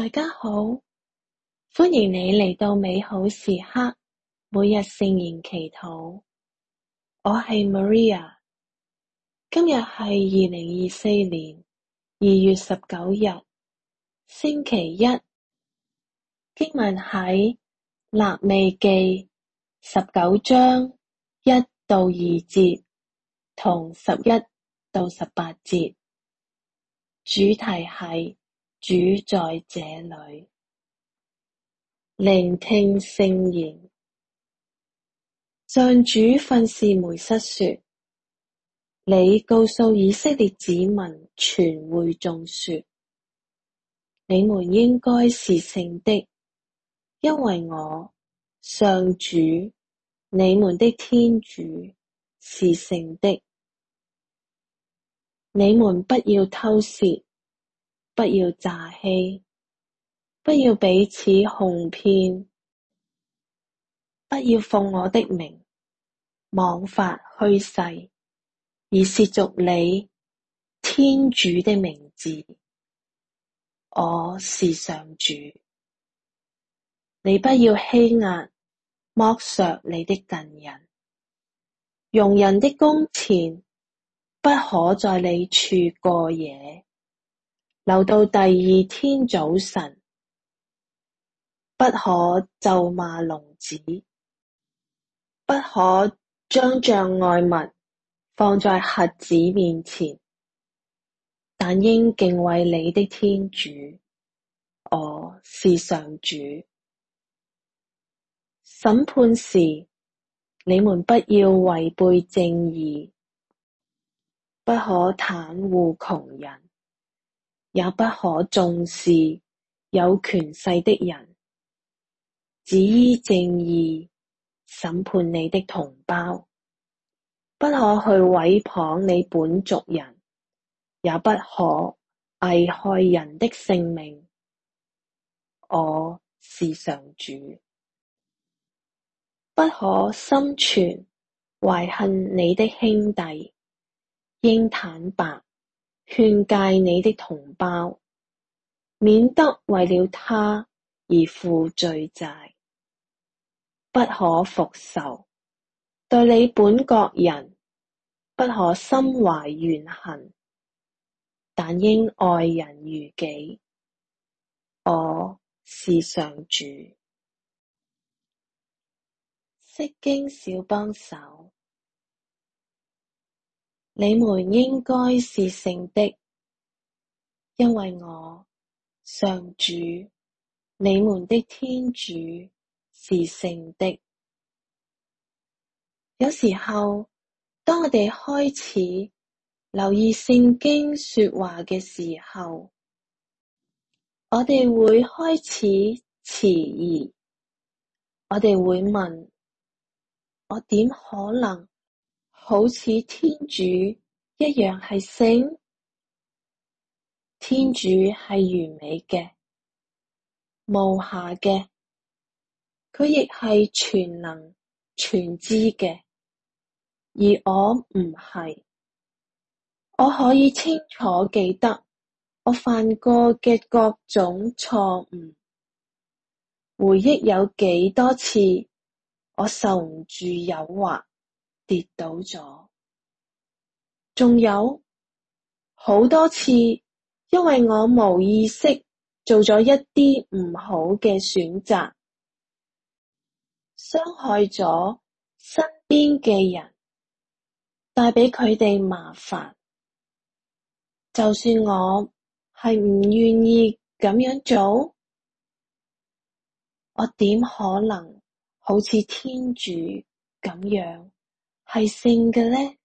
大家好，歡迎你嚟到美好時刻，每日聖言祈禱。我係 Maria，今日係二零二四年二月十九日，星期一。經文喺《肋未紀》十九章一到二節同十一到十八節，主題係。主在這裏聆聽聖言。上主訓示梅瑟說：你告訴以色列子民全會眾說，你們應該是聖的，因為我，上主，你們的天主是聖的。你們不要偷竊。不要詐欺，不要彼此哄騙，不要奉我的名妄發虛誓，而褻瀆你天主的名字。我是上主，你不要欺壓、剝削你的近人，傭人的工錢不可在你處過夜。留到第二天早晨，不可咒罵聾子，不可將障礙物放在瞎子面前，但應敬畏你的天主，我是上主。審判時，你們不要違背正義，不可袒護窮人。也不可重視有權勢的人，只依正義審判你的同胞，不可去毀謗你本族人，也不可危害人的性命。我是上主，不可心存懷恨你的兄弟，應坦白。勸戒你的同胞，免得為了他而負罪債，不可復仇，對你本國人，不可心懷怨恨，但應愛人如己。我是上主。釋經小幫手。你們應該是聖的，因為我，上主，你們的天主是聖的。有時候，當我哋開始留意聖經說話嘅時候，我哋會開始遲疑，我哋會問：我點可能？好似天主一樣係聖，天主係完美嘅、無瑕嘅，佢亦係全能、全知嘅。而我唔係，我可以清楚記得我犯過嘅各種錯誤，回憶有幾多次我受唔住誘惑。跌倒咗，仲有好多次，因為我無意識做咗一啲唔好嘅選擇，傷害咗身邊嘅人，帶俾佢哋麻煩。就算我係唔願意咁樣做，我點可能好似天主咁樣係聖嘅咧，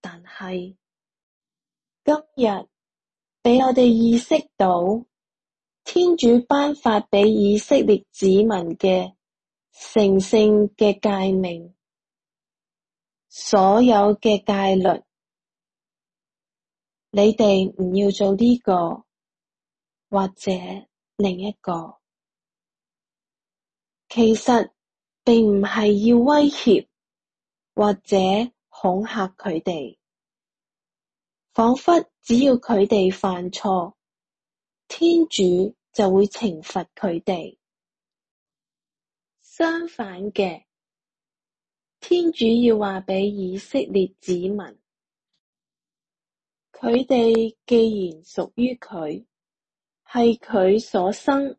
但係今日畀我哋意識到，天主頒發俾以色列子民嘅成聖嘅戒命，所有嘅戒律，你哋唔要做呢個或者另一個，其實並唔係要威脅。或者恐嚇佢哋，仿佛只要佢哋犯錯，天主就會懲罰佢哋。相反嘅，天主要話畀以色列子民：「佢哋既然屬於佢，係佢所生，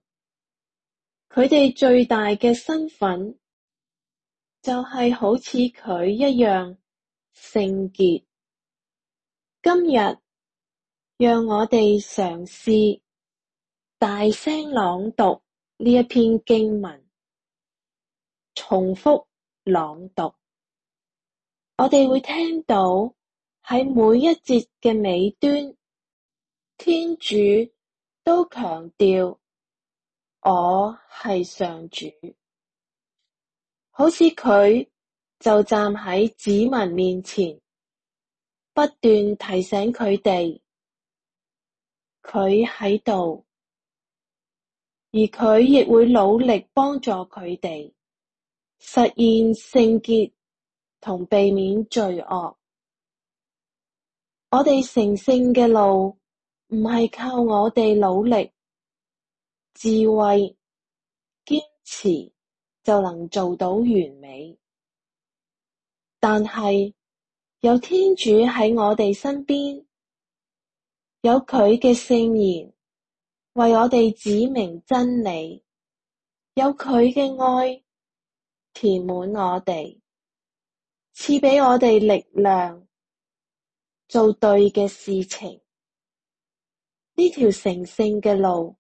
佢哋最大嘅身份。就係好似佢一樣聖潔。今日讓我哋嘗試大聲朗讀呢一篇經文，重複朗讀。我哋會聽到喺每一節嘅尾端，天主都強調：我係上主。好似佢就站喺子民面前，不斷提醒佢哋佢喺度，而佢亦會努力幫助佢哋實現聖潔同避免罪惡。我哋成聖嘅路唔係靠我哋努力、智慧、堅持。就能做到完美。但係有天主喺我哋身邊，有佢嘅聖言為我哋指明真理，有佢嘅愛填滿我哋，賜俾我哋力量做對嘅事情。呢條成聖嘅路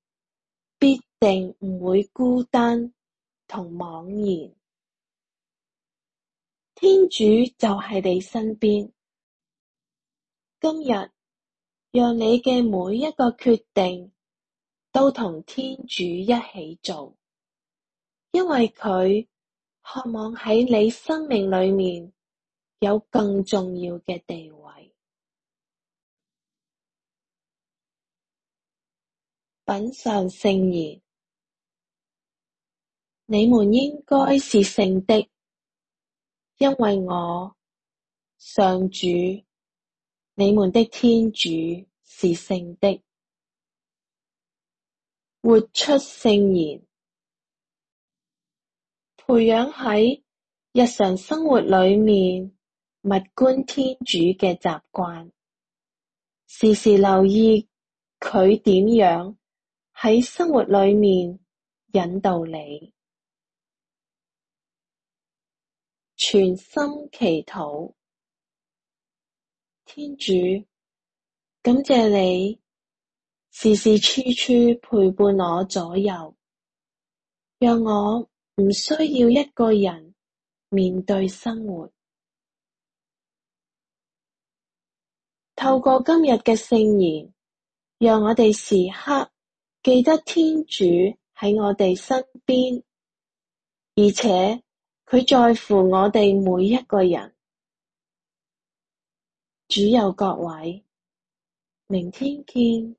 必定唔會孤單。同茫然，天主就喺你身邊。今日，讓你嘅每一個決定都同天主一起做，因為佢渴望喺你生命裏面有更重要嘅地位。品嚐聖言。你們應該是聖的，因為我，上主，你們的天主是聖的。活出聖言，培養喺日常生活裏面默觀天主嘅習慣，時時留意佢點樣喺生活裏面引導你。全心祈禱，天主，感謝你時時處處陪伴我左右，讓我唔需要一個人面對生活。透過今日嘅聖言，讓我哋時刻記得天主喺我哋身邊，而且。佢在乎我哋每一個人，主佑各位，明天見。